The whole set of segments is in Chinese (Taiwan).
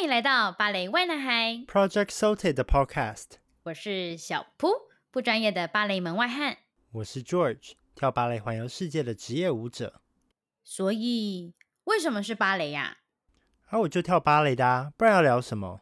歡迎來到芭蕾 why 男孩 Project Sauté 的 podcast。我是小蹼，不專業的芭蕾門外漢。我是 George，跳芭蕾環遊世界的職業舞者。所以，為什麼是芭蕾呀？啊，我就跳芭蕾的啊，不然要聊什麼？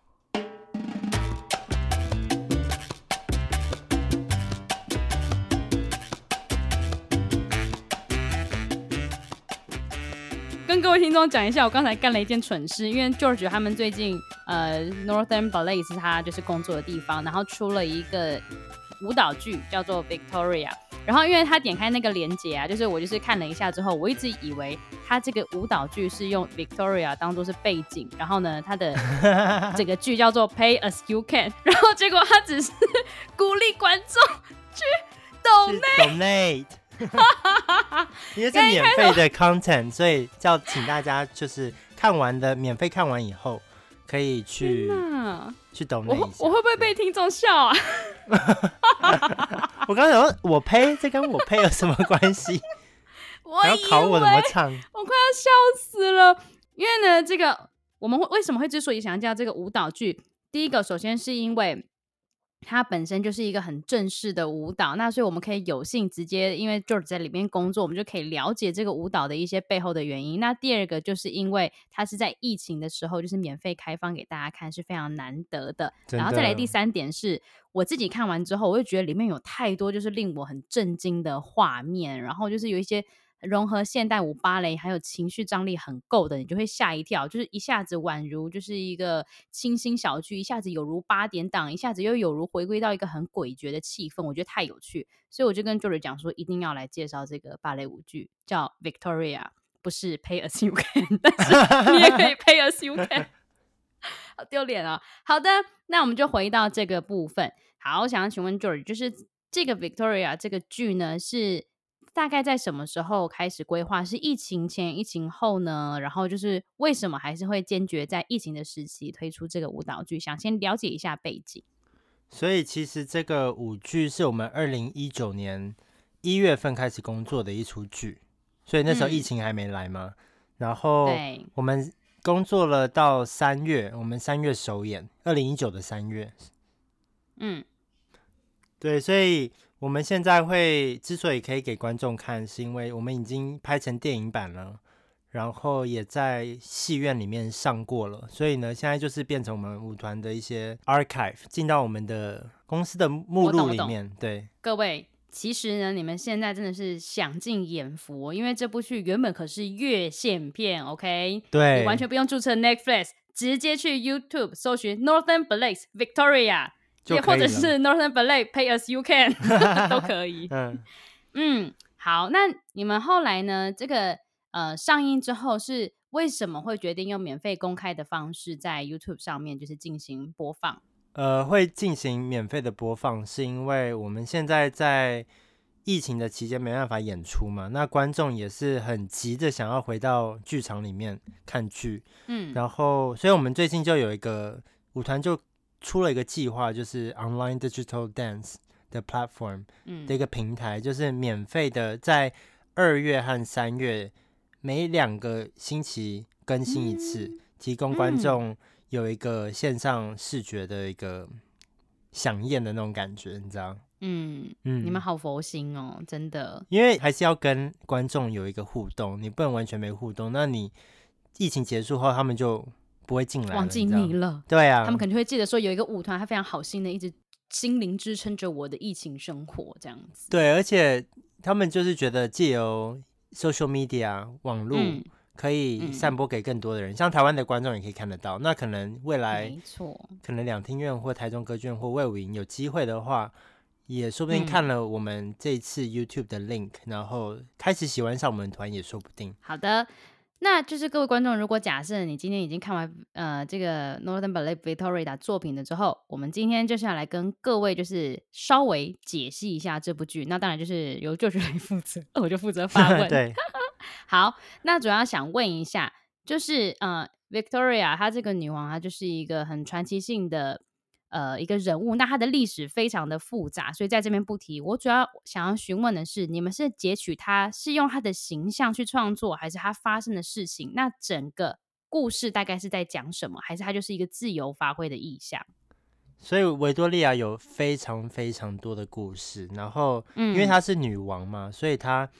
聽眾講一下，我剛才幹了一件蠢事，因為 George 他們最近，呃，Northern Ballet 是他就是工作的地方，然後出了一個舞蹈劇叫做 Victoria，然後因為他點開那個鏈接啊，就是我就是看了一下之後，我一直以為他這個舞蹈劇是用 Victoria 當做是背景，然後呢，他的這個劇叫做 Pay as you can，然後結果他只是呵呵鼓勵觀眾去 donate。哈哈哈哈，因為這是免費的 content，所以叫請大家就是看完的免費看完以後，可以去哪去抖我，我會不會被聽眾笑啊？ 我剛剛想說我呸，這跟我呸有什麼關係？我要 考我怎麼唱？我，我快要笑死了。因為呢，這個我們會為什麼會之所以想要叫這個舞蹈劇？第一個，首先是因為。它本身就是一個很正式的舞蹈，那所以我們可以有幸直接，因為 George 在裡面工作，我們就可以了解這個舞蹈的一些背後的原因。那第二個就是因為它是在疫情的時候，就是免費開放給大家看，是非常難得的。真的。然後再來第三點是，我自己看完之後，我就覺得裡面有太多就是令我很震驚的畫面，然後就是有一些。融合現代舞、芭蕾，還有情緒張力很夠的，你就會嚇一跳，就是一下子宛如就是一個清新小劇，一下子有如八點檔，一下子又有如回歸到一個很詭譎的氣氛，我覺得太有趣，所以我就跟 George 講說，一定要來介紹這個芭蕾舞劇，叫 Victoria，不是 Pay as you can，但是你也可以 Pay as you can， 好丟臉啊、哦！好的，那我們就回到這個部分。好，我想要請問 George，就是這個 Victoria 這個劇呢是？大概在什麼時候開始規劃？是疫情前、疫情後呢？然後就是為什麼還是會堅決在疫情的時期推出這個舞蹈劇？想先了解一下背景。所以其實這個舞劇是我們二零一九年一月份開始工作的一出劇，所以那時候疫情還沒來嘛。嗯、然後我們工作了到三月，我們三月首演，二零一九的三月。嗯。對，所以我們現在會之所以可以給觀眾看，是因為我們已經拍成電影版了，然後也在戲院裡面上過了。所以呢，現在就是變成我們舞團的一些 archive 進到我們的公司的目錄裡面。我懂我懂。對。各位，其實呢，你們現在真的是享盡眼福，因為這部劇原本可是越線片。OK，對，完全不用注冊 Netflix，直接去 YouTube 搜尋 Northern Ballet Victoria。也或者是 Northern Ballet Pay As You Can 都可以。嗯嗯，好，那你們後來呢？這個呃上映之後是為什麼會決定用免費公開的方式在 YouTube 上面就是進行播放？呃，會進行免費的播放，是因為我們現在在疫情的期間沒辦法演出嘛。那觀眾也是很急着想要回到劇場裡面看劇，嗯，然後所以我們最近就有一個舞團就。出了一個計劃，就是 online digital dance 的 platform 的一個平台，嗯、就是免費的，在二月和三月每兩個星期更新一次，嗯、提供觀眾有一個線上視覺的一個饗宴的那種感覺，你知道嗯嗯。嗯，你們好佛心哦，真的，因為還是要跟觀眾有一個互動，你不能完全沒互動。那你疫情結束後，他們就。不會進來忘記你了。對啊，他們肯定會記得說有一個舞團，還非常好心的一直心靈支撐着我的疫情生活這樣子。對，而且他們就是覺得借由 social media 網絡、嗯、可以散播給更多的人，嗯、像台灣的觀眾也可以看得到。那可能未來，沒錯，可能兩廳院或台中歌劇院或衛武營有機會的話，也說不定看了我們這一次 YouTube 的 link，嗯、然後開始喜歡上我們團也說不定。好的。那就是各位觀眾，如果假設你今天已經看完呃這個 Northern Ballet Victoria 的作品了之後，我們今天就是要來跟各位就是稍微解析一下這部劇。那當然就是由喬治來負責，哦，我就負責發問。 對， 好，那主要想問一下，就是呃 Victoria 她這個女王，她就是一個很傳奇性的。呃，一個人物，那他的歷史非常的複雜，所以在這邊不提。我主要想要詢問的是，你們是截取他，是用他的形象去創作，還是他發生的事情？那整個故事大概是在講什麼？還是他就是一個自由發揮的意象？所以維多利亞有非常非常多的故事，然後，嗯，因為她是女王嘛，所以她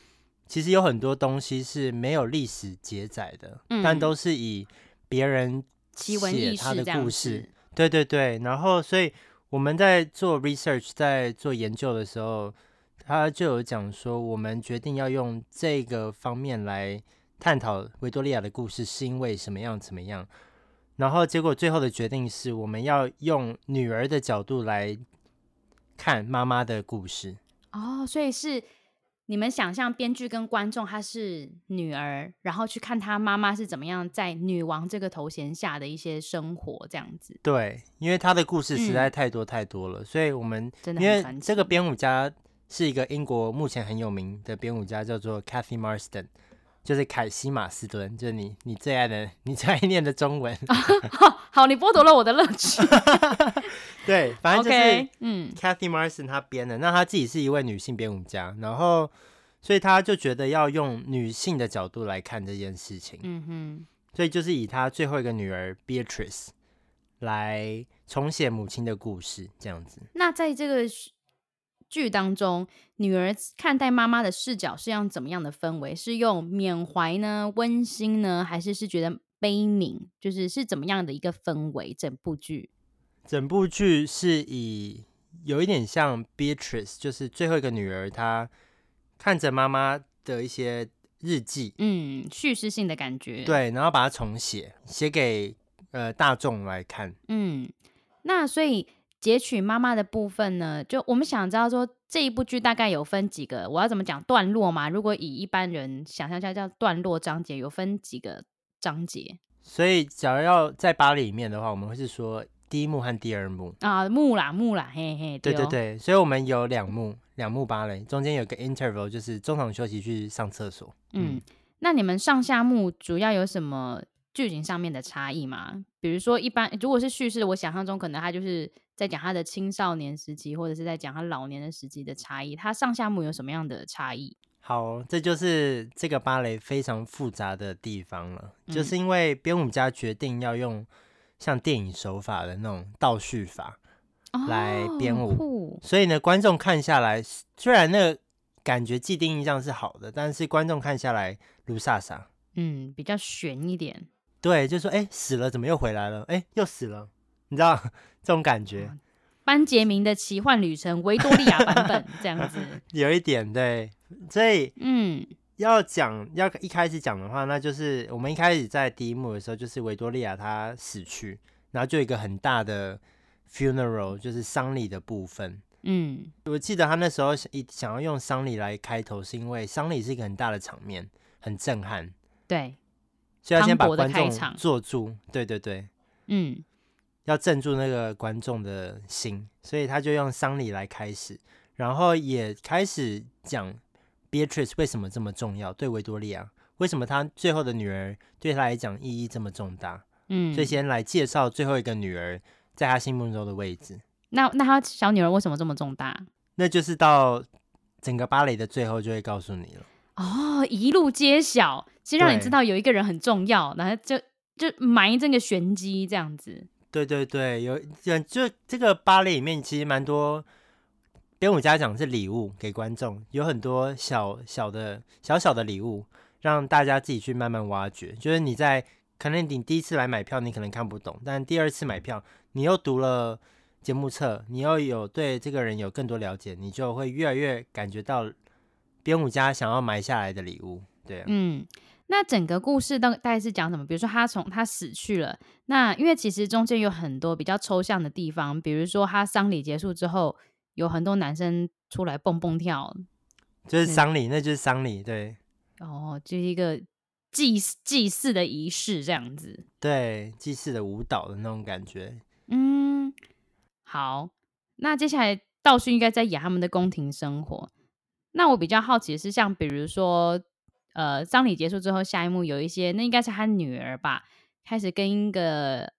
其實有很多東西是沒有歷史記載的，嗯，但都是以別人寫他的故事。對對對，然後所以我們在做 research，在做研究的時候，他就有講說，我們決定要用這個方面來探討維多利亞的故事，是因為什麼樣怎麼樣，然後結果最後的決定是我們要用女兒的角度來看媽媽的故事。哦，所以是。你們想象編劇跟觀眾，她是女兒，然後去看她媽媽是怎麼樣在女王這個頭銜下的一些生活，這樣子。對，因為她的故事實在太多太多了，嗯，所以我們因為這個編舞家是一個英國目前很有名的編舞家，叫做 Cathy Marston。就是凱西·馬斯頓，就是你你最愛的、你最愛念的中文。 好，你剝奪了我的樂趣。 對，反正就是 okay, 嗯，Cathy Marston 他編的，那他自己是一位女性編舞家，然後所以他就覺得要用女性的角度來看這件事情。嗯哼，所以就是以他最後一個女兒 Beatrice 來重寫母親的故事，這樣子。那在這個。劇當中，女兒看待媽媽的視角是用怎麼樣的氛圍？是用緬懷呢？溫馨呢？還是是覺得悲憫？就是是怎麼樣的一個氛圍？整部劇，整部劇是以有一點像《Beatrice》，就是最後一個女兒她看着媽媽的一些日記，嗯，敘事性的感覺，對，然後把它重寫，寫給呃大眾來看，嗯，那所以。截取媽媽的部分呢？就我們想知道說這一部劇大概有分幾個？我要怎麼講段落嘛？如果以一般人想象一下叫段落章節，有分幾個章節？所以，假如要在芭蕾裡面的話，我們會是說第一幕和第二幕啊，幕啦，幕啦，嘿嘿。對哦，對對對，所以我們有兩幕，兩幕芭蕾，中間有個 interval，就是中場休息去上廁所。嗯，嗯，那你們上下幕主要有什麼？劇情上面的差異嘛，比如說一般如果是敘事，我想象中可能他就是在講他的青少年時期，或者是在講他老年的時期的差異。他上下幕有什麼樣的差異？好，這就是這個芭蕾非常複雜的地方了，嗯、就是因為編舞家決定要用像電影手法的那種倒敘法來編舞，哦、所以呢，觀眾看下來雖然那個感覺既定印象是好的，但是觀眾看下來，盧薩莎，嗯，比較玄一點。對，就說哎，死了，怎麼又回來了？哎，又死了，你知道這種感覺。班傑明的奇幻旅程維多利亞版本 這樣子，有一點對。所以嗯，要講，要一開始講的話，那就是我們一開始在第一幕的時候，就是維多利亞她死去，然後就有一個很大的 funeral，就是喪禮的部分。嗯，我記得他那時候想一想要用喪禮來開頭，是因為喪禮是一個很大的場面，很震撼。對。所以要先把觀眾坐住，對對對，嗯，嗯，要鎮住那個觀眾的心，所以他就用喪禮來開始，然後也開始講 Beatrice 為什麼這麼重要，對維多利亞，為什麼她最後的女兒對她來講意義這麼重大，嗯，所以先來介紹最後一個女兒在她心目中的位置那。那那她小女兒為什麼這麼重大？那就是到整個芭蕾的最後就會告訴你了。哦，一路揭曉。先讓你知道有一個人很重要，對然後就就埋一個玄機這樣子。對對對，有，有就這個芭蕾裡面其實蠻多編舞家講的是禮物給觀眾，有很多小小的小小的禮物讓大家自己去慢慢挖掘。就是你在可能你第一次來買票你可能看不懂，但第二次買票你又讀了節目冊，你又有對這個人有更多了解，你就會越來越感覺到編舞家想要埋下來的禮物。對啊，嗯。那整個故事大大概是講什麼？比如說他從他死去了，那因為其實中間有很多比較抽象的地方，比如說他喪禮結束之後，有很多男生出來蹦蹦跳，就是喪禮，嗯、那就是喪禮，對，哦，就是一個祭祭祀的儀式這樣子，對，祭祀的舞蹈的那種感覺，嗯，好，那接下來倒述應該在演他們的宮廷生活，那我比較好奇的是，像比如說。呃，葬禮結束之後，下一幕有一些，那應該是他女兒吧，開始跟一個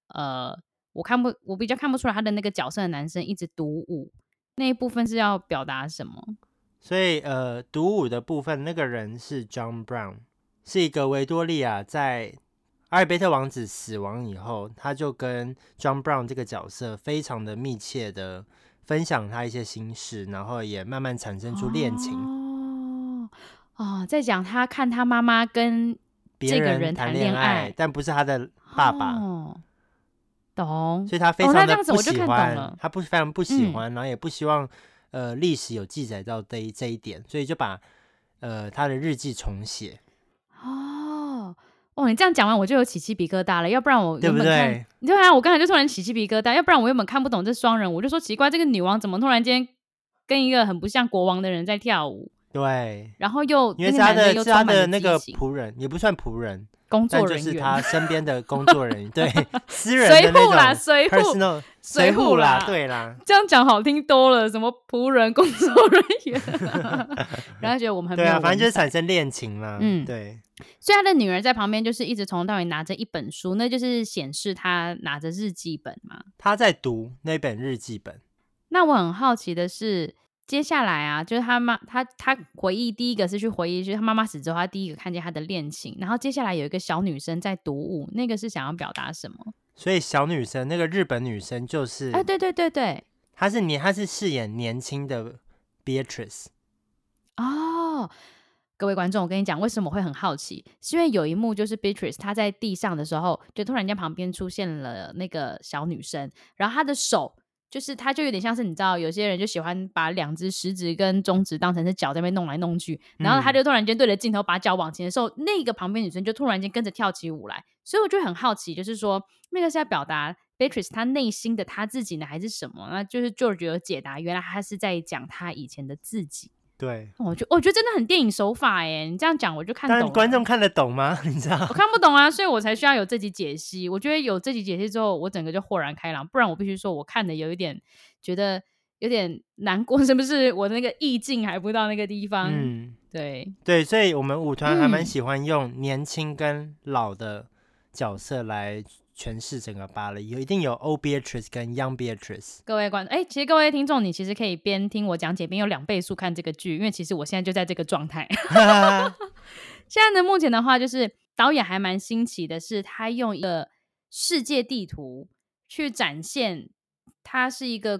呃，我看不，我比較看不出來他的那個角色的男生一直獨舞那一部分是要表達什麼？所以，呃，獨舞的部分那個人是 John Brown，是一個維多利亞在阿爾貝特王子死亡以後，他就跟 John Brown 這個角色非常的密切的分享他一些心事，然後也慢慢產生出戀情。哦哦，在講他看他媽媽跟這個人談戀愛，愛，但不是他的爸爸，哦、懂。所以他，非常，的、哦、他非常不喜歡，他不是非常不喜歡，然後也不希望，呃，歷史有記載到這這一點，所以就把呃他的日記重寫。哦。哦，你這樣講完我就有起雞皮疙瘩了，要不然我對不對？你對啊，我剛才就突然起雞皮疙瘩，要不然我原本看不懂這雙人舞，我就說奇怪，這個女王怎麼突然間跟一個很不像國王的人在跳舞？對，然後又因為他的他的那個僕人，也不算僕人，工作人員，是他身邊的工作人員，對，私人隨扈啦，隨扈，隨扈啦，對啦，這樣講好聽多了，什麼僕人工作人員，然後他覺得我們很對啊，反正就是產生戀情嘛，嗯，對，所以他的女兒在旁邊就是一直從頭到尾拿着一本書，那就是顯示他拿着日記本嘛，他在讀那本日記本。那我很好奇的是。接下來啊，就是他媽她她回憶第一個是去回憶，就是他媽媽死之後，她第一個看見她的戀情。然後接下來有一個小女生在獨舞，那個是想要表達什麼？所以小女生那個日本女生就是，哎，欸、對，對對對對，她是年她是飾演年輕的 Beatrice。哦，各位觀眾，我跟你講，為什麼我會很好奇？是因為有一幕就是 Beatrice 她在地上的時候，就突然間旁邊出現了那個小女生，然後她的手。就是他，就有點像是你知道，有些人就喜歡把兩隻食指跟中指當成是腳在那邊弄來弄去，然後他就突然間對着鏡頭把腳往前的時候，那個旁邊女生就突然間跟着跳起舞來，所以我就很好奇，就是說那個是在表達 Beatrice 她內心的她自己呢，還是什麼？那就是就是 George 解答，原來他是在講他以前的自己。對、哦，我覺、哦、我覺得真的很電影手法耶。你這樣講我就看懂了。但觀眾看得懂嗎？你知道？我看不懂啊，所以我才需要有這集解析。我覺得有這集解析之後，我整個就豁然開朗。不然我必須說，我看的有一點覺得有點難過，是不是？我的那個意境還不到那個地方。嗯，對對，所以我們舞團還蠻喜歡用年輕跟老的角色來。詮釋整個芭蕾有一定有 Old Beatrice 跟 Young Beatrice。各位觀眾，哎、欸，其實各位聽眾，你其實可以邊聽我講解邊有兩倍速看這個劇，因為其實我現在就在這個狀態。 現在呢，目前的話就是導演還蠻新奇的是，是他用一個世界地圖去展現，它是一個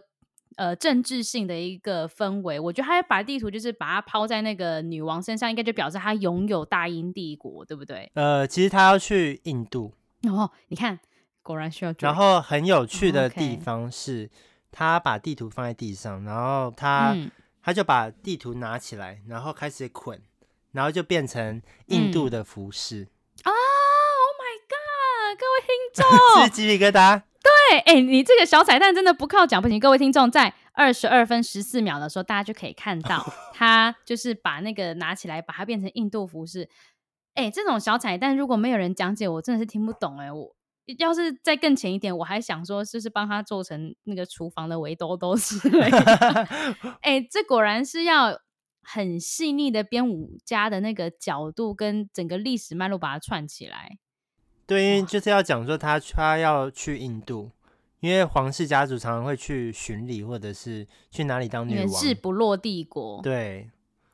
呃政治性的一個氛圍。我覺得他要把地圖就是把它拋在那個女王身上，應該就表示他擁有大英帝國，對不對？呃，其實他要去印度哦，你看。果然需要。然後很有趣的地方是，oh, okay. 他把地圖放在地上，然後他、嗯、他就把地圖拿起來，然後開始捆，然後就變成印度的服飾啊、嗯、oh,！Oh my god，各位聽眾，是雞皮疙瘩。對，哎、欸，你這個小彩蛋真的不靠講不行。各位聽眾，在二十二分十四秒的時候，大家就可以看到 他就是把那個拿起來，把它變成印度服飾。哎、欸，這種小彩蛋如果沒有人講解，我真的是聽不懂哎、欸、我。要是再更前一點，我還想說，就是幫他做成那個廚房的圍兜兜之類，哎、 欸，這果然是要很細膩的編舞家的那個角度跟整個歷史脈絡把它串起來。對，因為就是要講說他他要去印度，哇因為皇室家族常常會去巡禮，或者是去哪裡當女王，日不落帝國。對。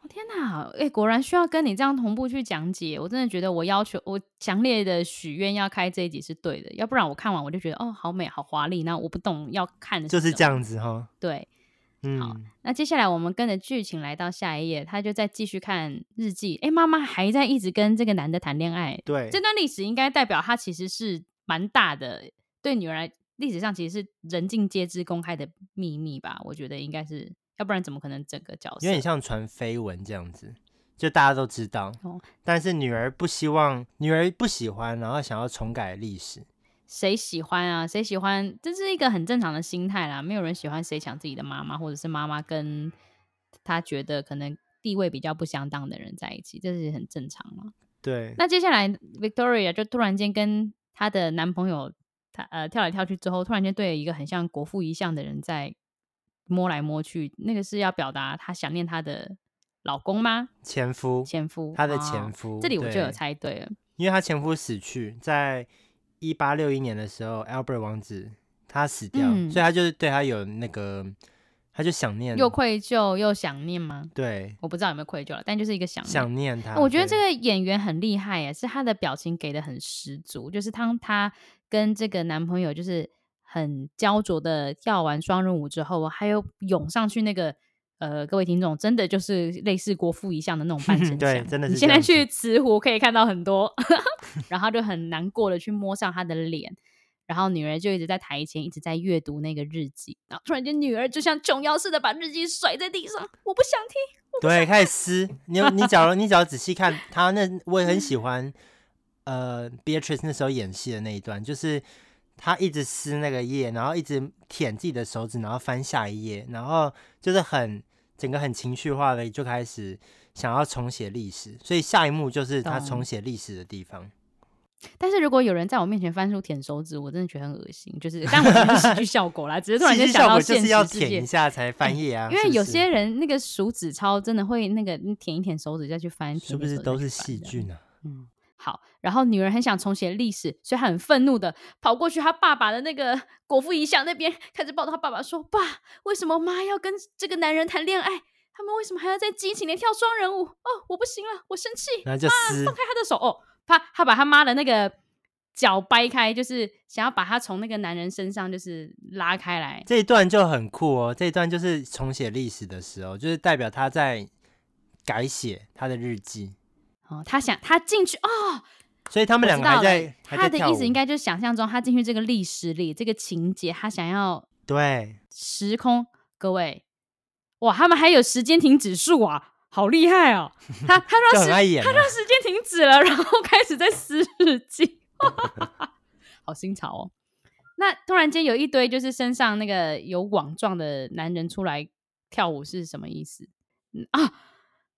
天哪！哎、欸，果然需要跟你這樣同步去講解。我真的覺得我要求我強烈的許願要開這一集是對的，要不然我看完我就覺得哦，好美好華麗。那我不懂要看的，就是這樣子哈、哦。對，嗯、好。那接下來我們跟着劇情來到下一頁，他就再繼續看日記。哎、欸，媽媽還在一直跟這個男的談戀愛。對，這段歷史應該代表他其實是蠻大的，對女兒來歷史上其實是人盡皆知、公開的祕密吧？我覺得應該是。要不然怎麼可能整個角色有點像傳緋聞這樣子，就大家都知道，哦、但是女兒不希望，女兒不喜歡，然後想要重改歷史。誰喜歡啊？誰喜歡？這是一個很正常的心態啦。沒有人喜歡誰搶自己的媽媽，或者是媽媽跟她覺得可能地位比較不相當的人在一起，這是很正常嘛。對。那接下來 Victoria 就突然間跟她的男朋友他，她呃跳來跳去之後，突然間對一個很像國父遺像的人在，摸來摸去，那個是要表達她想念她的老公嗎？前夫，前夫，她的前夫。哦、對這裡我就有猜對了，因為她前夫死去，在一八六一年的時候，Albert 王子他死掉，嗯、所以他就是對他有那個，他就想念，又愧疚又想念嗎？對，我不知道有沒有愧疚了，但就是一個想念想念他。我覺得這個演員很厲害耶，是他的表情給的很十足，就是他他跟這個男朋友就是。很焦灼的跳完雙人舞之後，還有湧上去那個呃，各位聽眾真的就是類似國父遺像的那種半身像 對，真的是。你現在去慈湖可以看到很多， 然後就很難過的去摸上他的臉， 然後女兒就一直在台前一直在閱讀那個日記，然後突然間女兒就像瓊瑤似的把日記甩在地上，我不想聽，我不想聽，對，開始撕。你你假如你只要仔細看 他那，我也很喜歡 呃，Beatrice 那時候演戲的那一段，就是。他一直撕那個頁，然後一直舔自己的手指，然後翻下一頁，然後就是很整個很情緒化的就開始想要重寫歷史，所以下一幕就是他重寫歷史的地方。但是如果有人在我面前翻書舔手指，我真的覺得很噁心。就是，但我覺得戲劇效果啦，只是 突然間就想到就是要舔一下才翻頁啊、欸。因為有些人是是 那個數紙鈔真的會那個舔一舔手指再去翻，是不是都是細菌啊？嗯。好，然後女兒很想重寫歷史，所以她很憤怒的跑過去她爸爸的那個果腹遺像那邊，開始抱著她爸爸說：“爸，為什麼媽要跟這個男人談戀愛？他們為什麼還要在激情裡跳雙人舞？哦，我不行了，我生氣，爸，那就放開他的手。哦”他他把他媽的那個腳掰開，就是想要把他從那個男人身上就是拉開來。這一段就很酷哦，這一段就是重寫歷史的時候，就是代表他在改寫他的日記。哦、他想，他進去哦，所以他們兩個還在，還在，他的意思應該就是想象中他進去這個歷史裡，這個情節他想要對時空對各位，哇，他們還有時間停止術啊，好厲害哦！他他讓時 他讓時間停止了，然後開始在撕日記，好新潮哦！那突然間有一堆就是身上那個有網狀的男人出來跳舞是什麼意思？嗯、啊？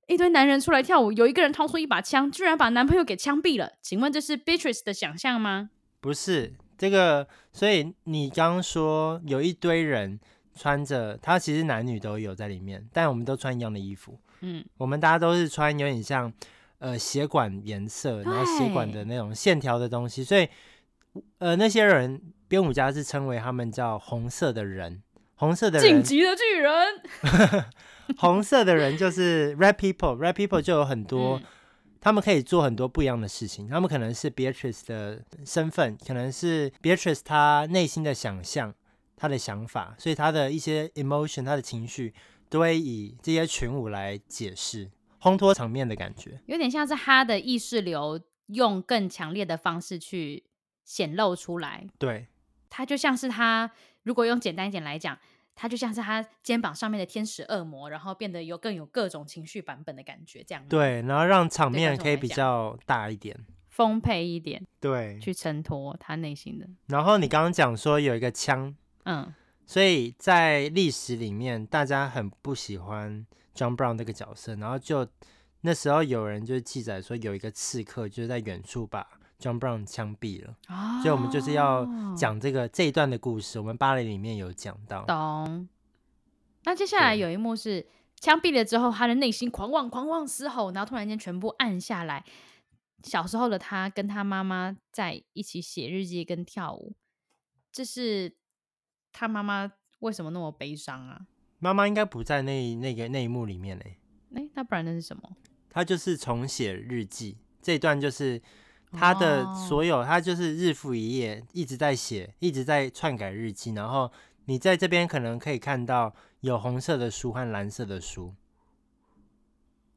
一堆男人出來跳舞，有一個人掏出一把槍，居然把男朋友給槍斃了。請問這是 Beatrice 的想象嗎？不是這個，所以你剛剛說有一堆人穿着，他其實男女都有在裡面，但我們都穿一樣的衣服。嗯，我們大家都是穿有點像呃血管顏色，然後血管的那種線條的東西，所以呃那些人編舞家是稱為他們叫紅色的人。紅色的人，進擊的巨人。 紅色的人就是 red people，red people 就有很多，嗯、他們可以做很多不一樣的事情。他們可能是 Beatrice 的身份，可能是 Beatrice 他內心的想象，他的想法，所以他的一些 emotion，他的情緒，都會以這些群舞來解釋，烘托場面的感覺，有點像是他的意識流，用更強烈的方式去顯露出來。對，他就像是他。如果用簡單一點來講，他就像是他肩膀上面的天使惡魔，然後變得有更有各種情緒版本的感覺，這樣。對，然後讓場面可以比較大一點，豐沛一點，對，去承托他內心的。然後你剛剛講說有一個槍，嗯，所以在歷史裡面，大家很不喜歡 John Brown 這個角色，然後就那時候有人就記載說，有一個刺客就是在遠處吧。John Brown 槍斃了，哦、所以我們就是要講這個這一段的故事。我們芭蕾裡面有講到。懂。那接下來有一幕是槍斃對了之後，他的內心狂妄、狂妄嘶吼，然後突然間全部暗下來。小時候的他跟他媽媽在一起寫日記跟跳舞，這是他媽媽為什麼那麼悲傷啊？媽媽應該不在那那個那一幕裡面嘞、欸欸。那不然那是什麼？他就是重寫日記，這一段就是。他的所有，他就是日復一日，一直在寫，一直在篡改日記。然後你在這邊可能可以看到有紅色的書和藍色的書，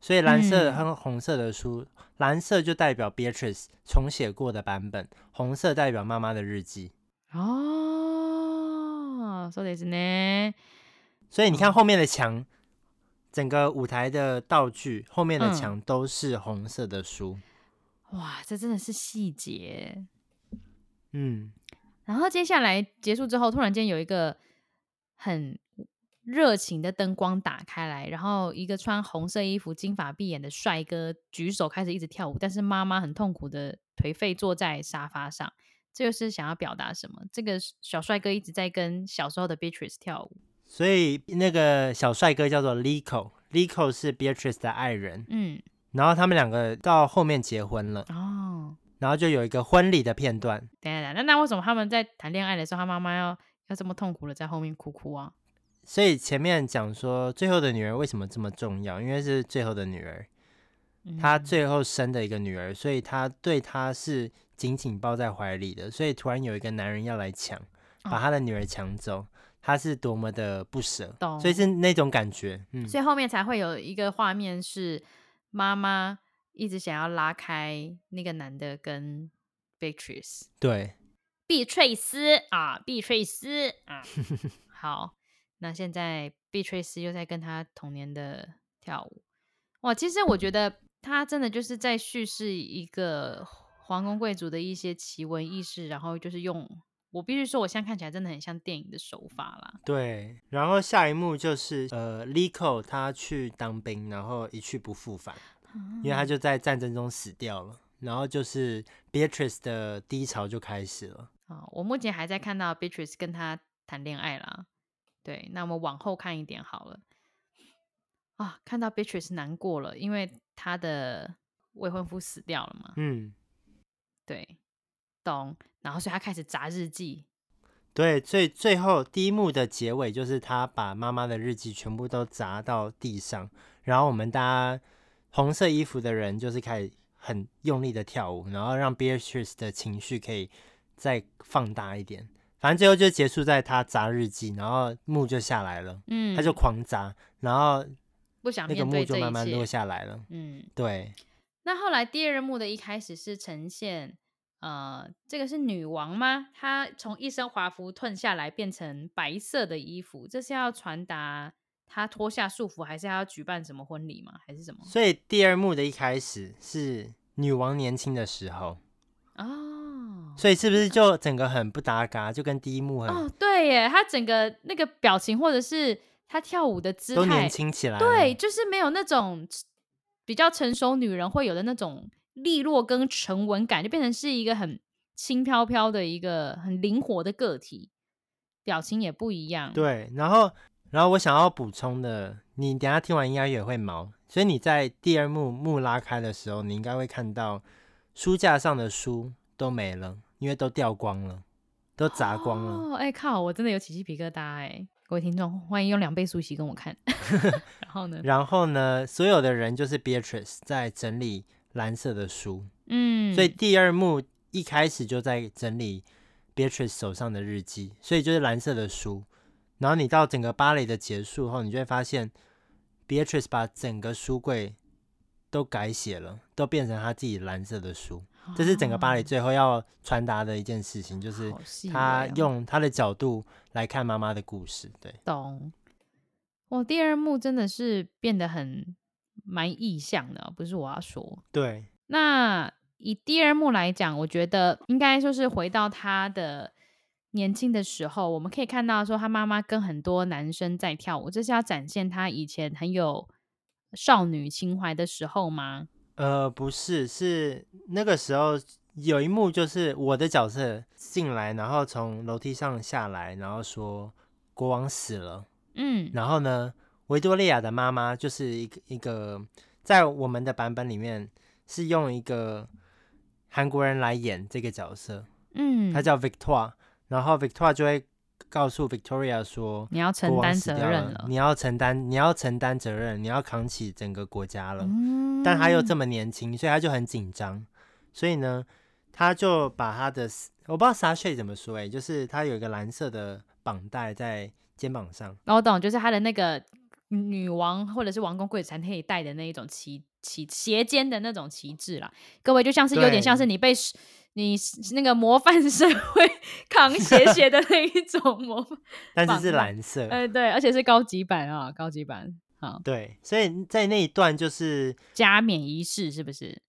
所以藍色和紅色的書，嗯、藍色就代表 Beatrice 重寫過的版本，紅色代表媽媽的日記。哦，そうですね。所以你看後面的牆，整個舞台的道具後面的牆都是紅色的書。哇，這真的是細節。嗯，然後接下來結束之後，突然間有一個很熱情的燈光打開來，然後一個穿紅色衣服、金髮碧眼的帥哥舉手開始一直跳舞，但是媽媽很痛苦的頹廢坐在沙發上。這就是想要表達什麼？這個小帥哥一直在跟小時候的 Beatrice 跳舞，所以那個小帥哥叫做 Liko，Liko 是 Beatrice 的愛人。嗯。然後他們兩個到後面結婚了哦，然後就有一個婚禮的片段。等下等下，那那為什麼他們在談戀愛的時候，他媽媽要要這麼痛苦的在後面哭哭啊？所以前面講說最後的女兒為什麼這麼重要？因為是最後的女兒，她最後生的一個女兒，嗯嗯，所以她對她是緊緊抱在懷裡的。所以突然有一個男人要來搶，把她的女兒搶走，哦、她是多麼的不捨。懂所以是那種感覺。嗯，所以後面才會有一個畫面是。媽媽一直想要拉開那個男的跟 Beatrice，對，碧翠絲啊，碧翠絲啊， 好，那現在碧翠絲又在跟他童年的跳舞，哇，其實我覺得他真的就是在敘事一個皇宮貴族的一些奇聞異事，然後就是用。我必須說，我現在看起來真的很像電影的手法啦。對，然後下一幕就是呃，Lico 他去當兵，然後一去不復返，嗯、因為他就在戰爭中死掉了。然後就是 Beatrice 的低潮就開始了。啊、哦，我目前還在看到 Beatrice 跟他談戀愛啦。對，那我們往後看一點好了。啊、哦，看到 Beatrice 難過了，因為她的未婚夫死掉了嘛。嗯，對。然後所以他開始砸日記。對，最最後第一幕的結尾就是他把媽媽的日記全部都砸到地上，然後我們大家紅色衣服的人就是開始很用力的跳舞，然後讓 Beatrice 的情緒可以再放大一點。反正最後就結束在他砸日記，然後幕就下來了。嗯，他就狂砸，然後不想那個幕就慢慢落下來了。嗯，對。那後來第二幕的一開始是呈現。呃，這個是女王嗎？她從一身華服褪下來，變成白色的衣服，這是要傳達她脫下束縛，還是要舉辦什麼婚禮嗎？還是什麼？所以第二幕的一開始是女王年輕的時候哦，所以是不是就整個很不搭嘎，就跟第一幕很哦，對耶，她整個那個表情或者是她跳舞的姿態都年輕起來，對，就是沒有那種比較成熟女人會有的那種。利落跟沉穩感就變成是一個很輕飄飄的一個很靈活的個體，表情也不一樣。對，然後，然後我想要補充的，你等下聽完應該也會毛，所以你在第二幕幕拉開的時候，你應該會看到書架上的書都沒了，因為都掉光了，都砸光了。哦，哎、欸、靠，我真的有起雞皮疙瘩哎、欸！各位聽眾，歡迎用兩倍速奇跟我看。 然後呢？然後呢？所有的人就是 Beatrice 在整理。藍色的書，嗯，所以第二幕一開始就在整理 Beatrice 手上的日記，所以就是藍色的書。然後你到整個芭蕾的結束後，你就會發現 Beatrice 把整個書櫃都改寫了，都變成他自己藍色的書。啊、這是整個芭蕾最後要傳達的一件事情，就是他用他的角度來看媽媽的故事。對，懂。我第二幕真的是變得很。蠻意向的，不是我要說。對，那以第二幕來講，我覺得應該就是回到他的年輕的時候，我們可以看到說他媽媽跟很多男生在跳舞，這是要展現他以前很有少女情懷的時候嗎？呃，不是，是那個時候有一幕就是我的角色進來，然後從樓梯上下來，然後說國王死了。嗯，然後呢？維多利亞的媽媽就是一個一個，在我們的版本裡面是用一個韓國人來演這個角色，嗯，他叫 Victoire，然後 Victoire 就會告訴 Victoria 說，你要承擔責任了、了，你要承擔你要承擔責任，你要扛起整個國家了，嗯，但他又這麼年輕，所以他就很緊張，所以呢，他就把他的我不知道 Sashay 怎麼說哎、欸，就是他有一個藍色的綁帶在肩膀上，我懂，就是他的那個。女王或者是王公貴族才可以戴的那一種旗旗斜肩的那種旗幟啦，各位就像是有點像是你被對你那個模範生會扛斜斜的那一種模， 但是是藍色，哎、呃、對，而且是高級版啊、哦，高級版啊，好對，所以在那一段就是加冕儀式是不是？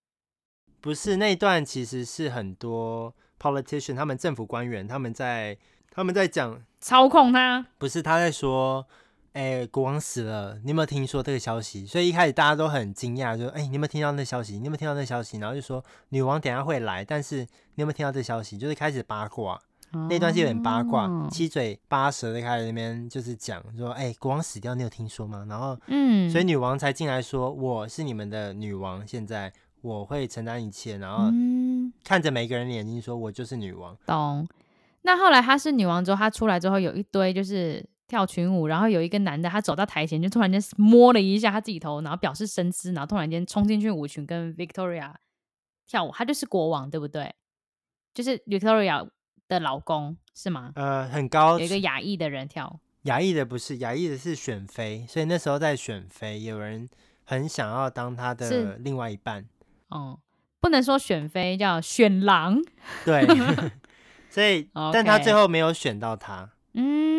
不是，那一段其實是很多 politician 他們政府官員，他們在他們在講操控他，不是他在說。哎、欸，國王死了，你有沒有聽說這個消息？所以一開始大家都很驚訝，說：“哎、欸，你有沒有聽到那個消息？你有沒有聽到那個消息？”然後就說：“女王等一下會來。”但是你有沒有聽到這個消息？就是開始八卦那段是有點八卦，哦、七嘴八舌的開始那邊就是講說：“哎、欸，國王死掉，你有聽說嗎？”然後，嗯，所以女王才進來說：“我是你們的女王，現在我會承擔一切。”然後、嗯、看着每個人的眼睛說：“我就是女王。”懂。那後來她是女王之後，她出來之後有一堆就是。跳群舞，然後有一個男的，他走到台前，就突然間摸了一下他自己頭，然後表示深思，然後突然間衝進去舞群跟 Victoria 跳舞。他就是國王，對不對？就是 Victoria 的老公是嗎？呃，很高，有一個亞裔的人跳舞。亞裔的不是，亞裔的是選妃，所以那時候在選妃，有人很想要當他的另外一半。哦，不能說選妃叫選郎，對。 所以，Okay. 但他最後沒有選到他。嗯。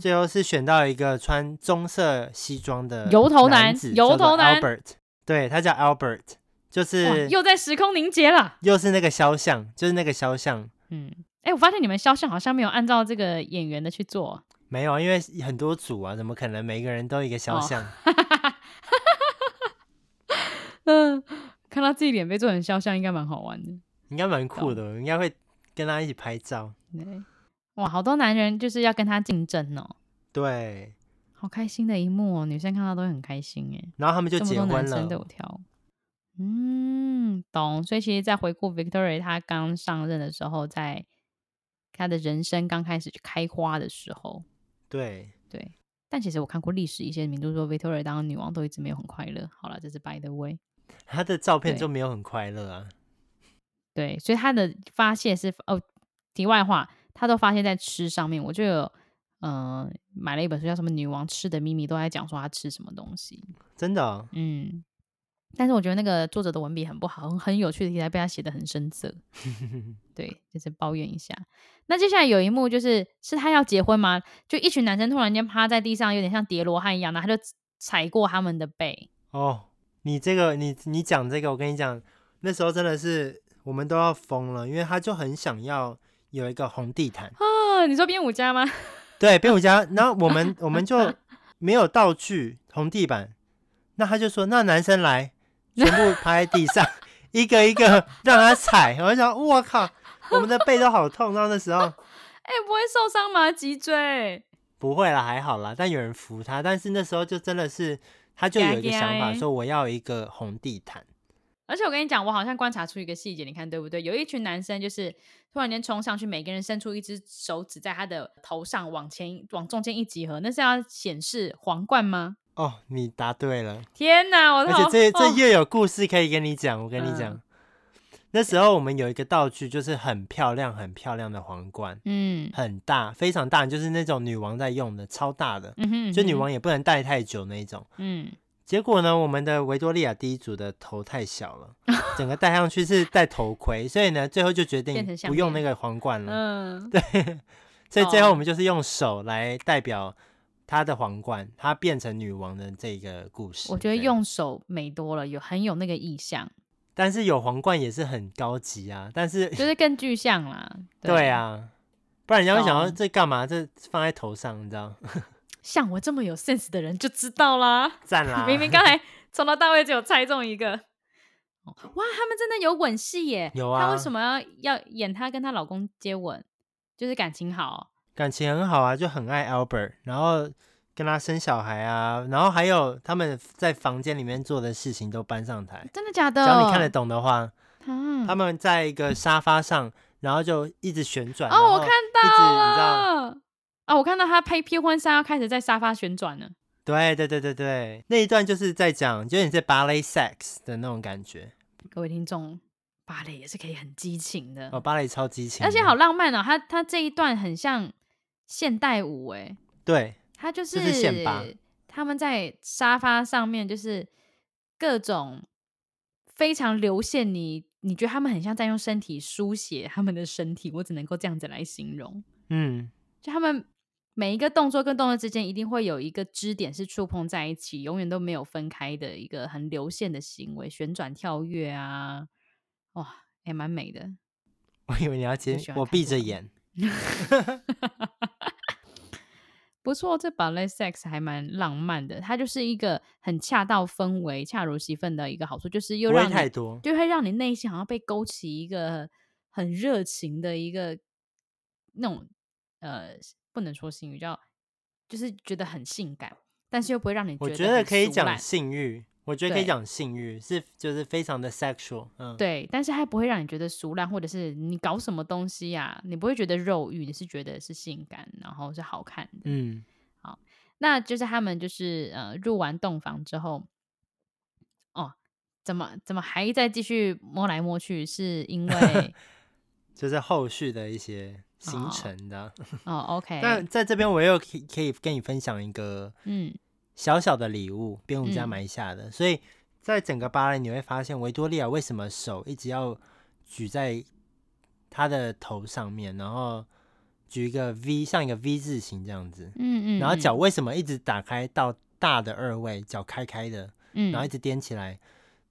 最後是選到一個穿棕色西裝的油頭男，油頭男 Albert，對，他叫 Albert，就是又在時空凝結了，又是那個肖像，就是那個肖像。嗯，哎、欸，我發現你們肖像好像沒有按照這個演員的去做，沒有啊，因為很多組啊，怎麼可能每個人都一個肖像？嗯、哦 呃，看到自己臉被做成肖像，應該蠻好玩的，應該蠻酷的，對應該會跟他一起拍照。哇，好多男人就是要跟她競爭哦。對，好開心的一幕，哦，女生看到都會很開心誒。然後他們就結婚了。這麼多男生都有跳。嗯，懂。所以其實，在回顧 Victoria 他剛上任的時候，在他的人生剛開始開花的時候。對對。但其實我看過歷史一些名著說，Victoria 當女王都一直沒有很快樂。好了，這是 By the way。他的照片就沒有很快樂啊。對，對，所以他的發洩是哦。題外話。他都發洩在吃上面，我就有呃買了一本書叫什麼《女王吃的秘密》，都在講說她吃什麼東西，真的、哦，嗯。但是我覺得那個作者的文筆很不好，很有趣的題材被他寫得很深色， 對，就是抱怨一下。那接下來有一幕就是，是他要結婚嗎？就一群男生突然間趴在地上，有點像疊羅漢一樣，然後他就踩過他們的背。哦，你這個，你你講這個，我跟你講，那時候真的是我們都要瘋了，因為他就很想要。有一個紅地毯哦，你說編舞家嗎？對，編舞家。然後我們我們就沒有道具紅地板，那他就說，那男生來，全部趴在地上， 一個一個讓他踩。我就想，我靠，我們的背都好痛。 然後那時候，哎、欸，不會受傷嗎？脊椎？不會啦，還好啦。但有人扶他，但是那時候就真的是，他就有一個想法，駕駕說我要一個紅地毯。而且我跟你講，我好像觀察出一個細節，你看對不對？有一群男生就是突然間衝上去，每個人伸出一只手指在他的頭上往前往中間一集合，那是要顯示皇冠嗎？哦，你答對了！天哪，我都而且這、哦、這又有故事可以跟你講。我跟你講，呃、那時候我們有一個道具，就是很漂亮、很漂亮的皇冠，嗯，很大，非常大，就是那種女王在用的，超大的，嗯哼嗯哼，就女王也不能戴太久那一種，嗯。結果呢，我們的維多利亞第一組的頭太小了，整個戴上去是戴頭盔， 所以呢，最後就決定不用那個皇冠了。嗯，呃、對，所以最後我們就是用手來代表她的皇冠，她、哦、變成女王的這個故事。我覺得用手美多了，有很有那個意象。但是有皇冠也是很高級啊，但是就是更具象啦。對，對啊，不然人家會想到這幹嘛？哦、這放在頭上，你知道？像我這麼有 sense 的人就知道啦，讚啊，明明剛才從頭到尾只有猜中一個，哇，他們真的有吻戲耶！有啊，他為什麼要要演他跟他老公接吻？就是感情好，感情很好啊，就很愛 Albert，然後跟他生小孩啊，然後還有他們在房間裡面做的事情都搬上台，真的假的？只要你看得懂的話，嗯、他們在一個沙發上，然後就一直旋轉，哦，一直，我看到了。啊、哦！我看到他拍披婚紗，要開始在沙發旋轉了。對對對對對，那一段就是在講，就你在芭蕾 sex 的那種感覺。各位聽眾，芭蕾也是可以很激情的。哦，芭蕾超激情，而且好浪漫哦、喔。他他這一段很像現代舞誒、欸。對他就是現代，就是他們在沙發上面就是各種非常流線你，你你覺得他們很像在用身體書寫他們的身體，我只能夠這樣子來形容。嗯，就他們。每一個動作跟動作之間一定會有一個支點是觸碰在一起，永遠都沒有分開的一個很流線的行為，旋轉、跳躍啊，哇，也、欸、蠻美的。我以為你要接我閉着眼。 不錯，這 Ballet Sex 還蠻浪漫的，它就是一個很恰到氛圍、恰如其分的一個好處，就是又讓你不會太多，就會讓你內心好像被勾起一個很熱情的一個那種呃。不能說性欲，叫就是覺得很性感，但是又不會讓你覺得。我覺得可以講性欲，我覺得可以講性欲是就是非常的 sexual，嗯，對，但是它不會讓你覺得俗爛，或者是你搞什麼東西呀、啊，你不會覺得肉欲，你是覺得是性感，然後是好看的，嗯，好，那就是他們就是呃，入完洞房之後，哦，怎麼怎麼還在繼續摸來摸去，是因為 就是後續的一些。形成的哦，OK，但在這邊我又可以跟你分享一個嗯小小的禮物，編舞、嗯、家埋下的。所以在整個芭蕾你會發現維多利亞為什麼手一直要舉在他的頭上面，然後舉一個 V，像一個 V 字形這樣子，嗯嗯，然後腳為什麼一直打開到大的二位，腳開開的，嗯，然後一直踮起來，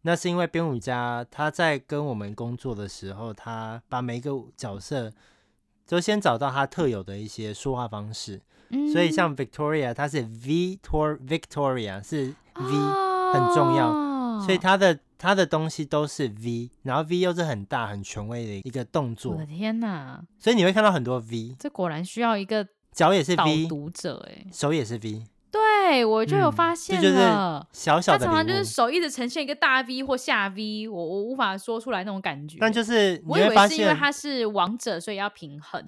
那是因為編舞家他在跟我們工作的時候，他把每一個角色。都先找到他特有的一些說話方式，嗯、所以像 Victoria，他是 Vtor Victoria 是 V、啊、很重要，所以他的他的東西都是 V，然後 V 又是很大很權威的一個動作。我的天哪！所以你會看到很多 V，這果然需要一個導讀者耶，腳也是 V，手也是 V。哎，我就有發現了，嗯、就就小小的，他常常就是手一直呈現一個大 V 或下 V，我我無法說出來那種感覺。但就是發現，我以為是因為他是王者，所以要平衡。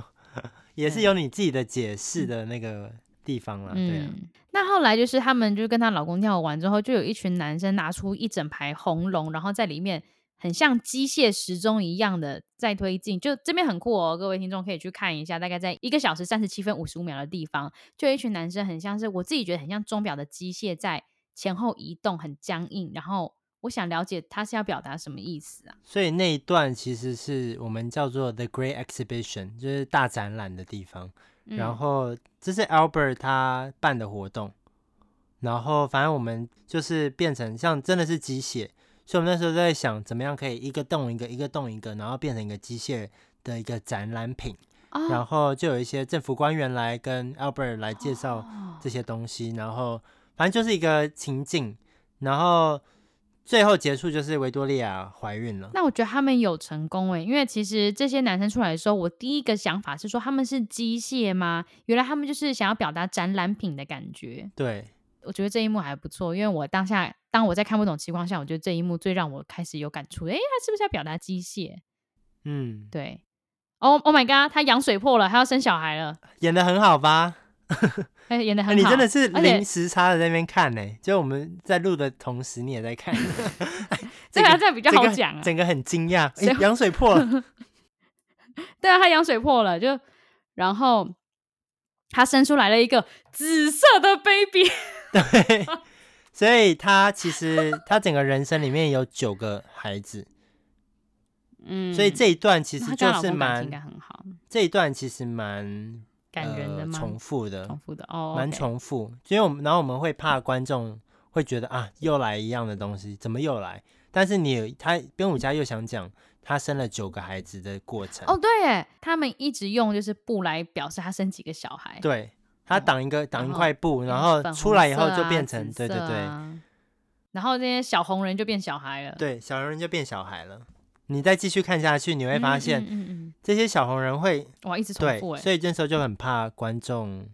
也是有你自己的解釋的那個地方了，對，嗯、對啊、嗯。那後來就是他們就跟她老公跳完之後，就有一群男生拿出一整排紅龍，然後在裡面。很像機械時鐘一樣的在推進，就這邊很酷哦，各位聽眾可以去看一下，大概在一個小時三十七分五十五秒的地方，就有一群男生很像是我自己覺得很像鐘錶的機械在前後移動，很僵硬。然後我想了解他是要表達什麼意思啊？所以那一段其實是我們叫做 The Great Exhibition，就是大展覽的地方。嗯，然後這是 Albert 他辦的活動，然後反正我們就是變成像真的是機械。所以我們那時候都在想，怎麼樣可以一個動一個，一個動一個，然後變成一個機械的一個展覽品。Oh. 然後就有一些政府官員來跟 Albert 來介紹這些東西，oh. 然後反正就是一個情景。然後最後結束就是維多利亞懷孕了。那我覺得他們有成功哎，因為其實這些男生出來的時候，我第一個想法是說他們是機械嗎？原來他們就是想要表達展覽品的感覺。對。我覺得這一幕還不錯，因為我當下當我在看不懂情況下，我覺得這一幕最讓我開始有感觸。哎，他是不是要表達機械？嗯，對。哦，oh，Oh my god，他羊水破了，他要生小孩了。演得很好吧？ 欸、演得很好、欸。你真的是臨時插在那邊看呢、欸？且就我們在錄的同時，你也在看。這這樣比較好講、啊。整個很驚訝，欸、所以 羊水破了。 對啊，他羊水破了，就然後他生出來了一個紫色的 baby。 對，所以他其實他整個人生裡面有九個孩子， 嗯，所以這一段其實就是蠻，應該很好。這一段其實蠻感人的嗎？呃，重複的，重複的哦，蠻、oh, okay. 重複。因為我們然後我們會怕觀眾會覺得啊，又來一樣的東西，怎麼又來？但是你他編舞家又想講他生了九個孩子的過程。哦，oh, 對，他們一直用就是布來表示他生幾個小孩。對。他擋一個擋一塊布，哦、然後出來以後就變成、啊啊、對對對，然後這些小紅人就變小孩了。對，小紅人就變小孩了。你再繼續看下去，你會發現，嗯嗯嗯嗯、這些小紅人會哇一直重複哎，對、所以這時候就很怕觀眾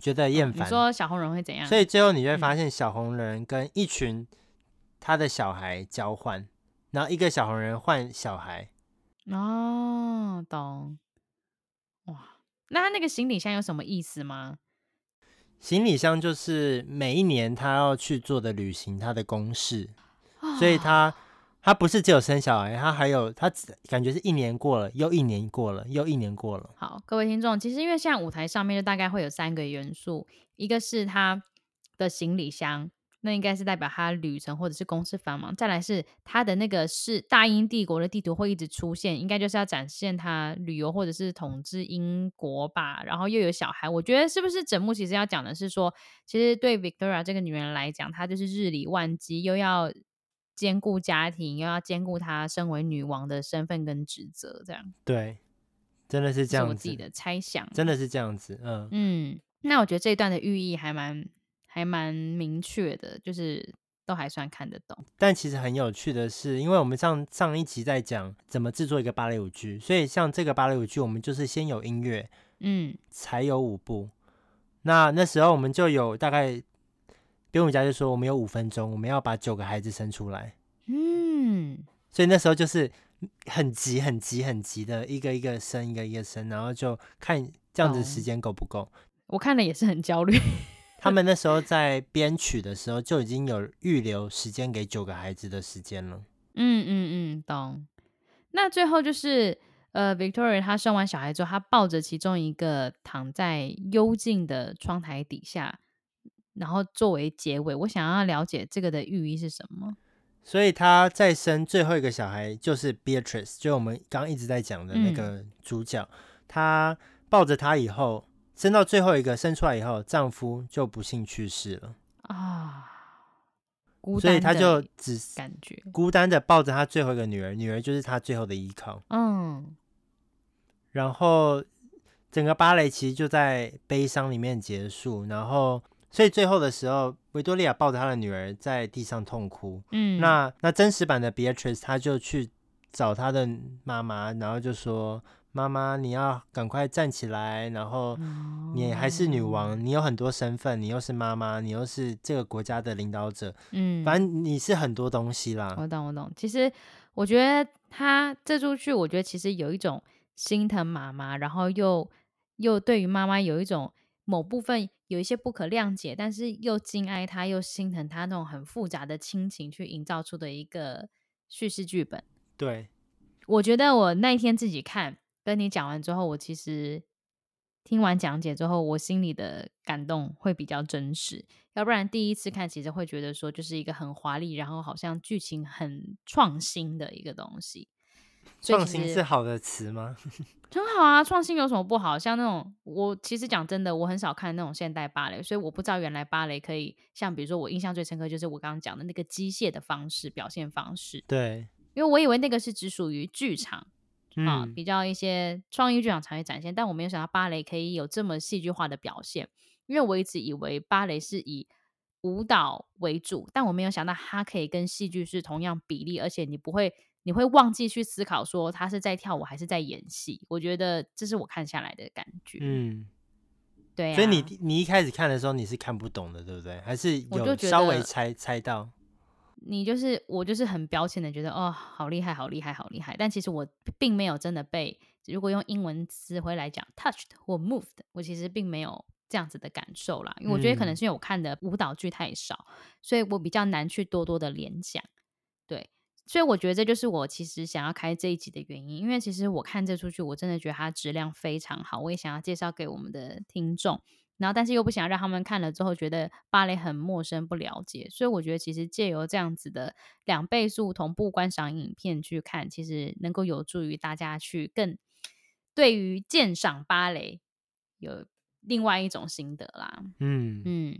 覺得厭煩。哦、你說小紅人會怎樣？所以最後你會發現，小紅人跟一群他的小孩交換，嗯、然後一個小紅人換小孩。哦，懂。哇，那他那個行李箱有什麼意思嗎？行李箱就是每一年他要去做的旅行，他的公事，所以他他不是只有生小孩，他還有他只感覺是一年過了又一年過了又一年過了。過了。好，各位聽眾，其實因為現在舞台上面就大概會有三個元素，一個是他的行李箱。那應該是代表他旅程或者是公事繁忙。再來是他的那個是大英帝國的地圖會一直出現，應該就是要展現他旅遊或者是統治英國吧。然後又有小孩，我覺得是不是整幕其實要講的是說，其實對 Victoria 這個女人來講，她就是日理萬機，又要兼顧家庭，又要兼顧她身為女王的身份跟職責，這樣。對，真的是這樣子。我自己的猜想，真的是這樣子。嗯嗯，那我覺得這一段的寓意還蠻。還蠻明確的，就是都還算看得懂。但其實很有趣的是，因為我們上上一集在講怎麼制作一個芭蕾舞劇，所以像這個芭蕾舞劇，我們就是先有音樂，嗯，才有舞步。那那時候我們就有大概編舞家就說，我們有五分鐘，我們要把九個孩子生出來。嗯，所以那時候就是很急、很急、很急的一個一個生一個一個生，然後就看這樣子時間夠不夠。哦。我看了也是很焦慮。他們那時候在編曲的時候就已經有預留時間給九個孩子的時間了。嗯嗯嗯，懂。那最後就是，呃，Victoria 她生完小孩之後，她抱着其中一個躺在幽靜的窗台底下，然後作為結尾，我想要了解這個的寓意是什麼。所以她在生最後一個小孩，就是 Beatrice，就我們剛剛一直在講的那個主角，她、嗯、抱着她以後。生到最後一個生出來以後，丈夫就不幸去世了啊，哦、所以她就只感覺孤單的抱着她最後一個女兒，女兒就是她最後的依靠。嗯，然後整個芭蕾其實就在悲傷裡面結束，然後所以最後的時候，維多利亞抱着她的女兒在地上痛哭。嗯，那那真實版的 Beatrice，她就去找她的媽媽，然後就說。媽媽，你要趕快站起來。然後，你還是女王，oh. 你有很多身份，你又是媽媽，你又是這個國家的領導者。嗯，反正你是很多東西啦。我懂，我懂。其實，我覺得他這出劇，我覺得其實有一種心疼媽媽，然後又又對於媽媽有一種某部分有一些不可諒解，但是又敬愛她，又心疼她那種很複雜的親情，去營造出的一個敘事劇本。對，我覺得我那一天自己看。跟你講完之後，我其實聽完講解之後，我心裡的感動會比較真實。要不然第一次看，其實會覺得說，就是一個很華麗，然後好像劇情很創新的一個東西。創新是好的詞嗎？ 很好啊，創新有什麼不好？像那種，我其實講真的，我很少看那種現代芭蕾，所以我不知道原來芭蕾可以像，比如說我印象最深刻就是我剛剛講的那個機械的方式表現方式。對，因為我以為那個是只屬於劇場。啊，比較一些創意劇場才會展現。嗯、但我沒有想到芭蕾可以有這麼戲劇化的表現，因為我一直以為芭蕾是以舞蹈為主，但我沒有想到它可以跟戲劇是同樣比例，而且你不會，你會忘記去思考說它是在跳舞還是在演戲，我覺得這是我看下來的感覺。嗯，對、啊。所以你你一開始看的時候你是看不懂的，對不對？還是有稍微猜猜到？你就是我，就是很表情的覺得哦，好厲害，好厲害，好厲害。但其實我並沒有真的被，如果用英文詞彙來講，touched 或 moved，我其實並沒有這樣子的感受啦。因為我覺得可能是因為我看的舞蹈劇太少，嗯、所以我比較難去多多的聯想。對，所以我覺得這就是我其實想要開這一集的原因，因為其實我看這出劇，我真的覺得它質量非常好，我也想要介紹給我們的聽眾。然後，但是又不想讓他們看了之後覺得芭蕾很陌生、不了解，所以我覺得其實借由這樣子的兩倍速同步觀賞影片去看，其實能夠有助於大家去更對於鑑賞芭蕾有另外一種心得啦。嗯嗯，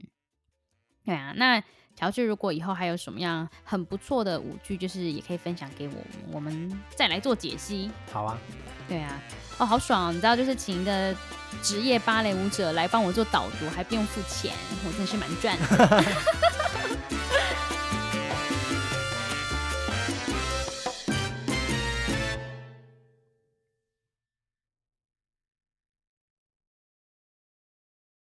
對啊，那。喬治，如果以後還有什麼樣很不錯的舞劇，就是也可以分享給我，我們再來做解析。好啊，對啊，哦，好爽哦！你知道，就是請一個職業芭蕾舞者來幫我做導讀，還不用付錢，我真的是蠻賺的。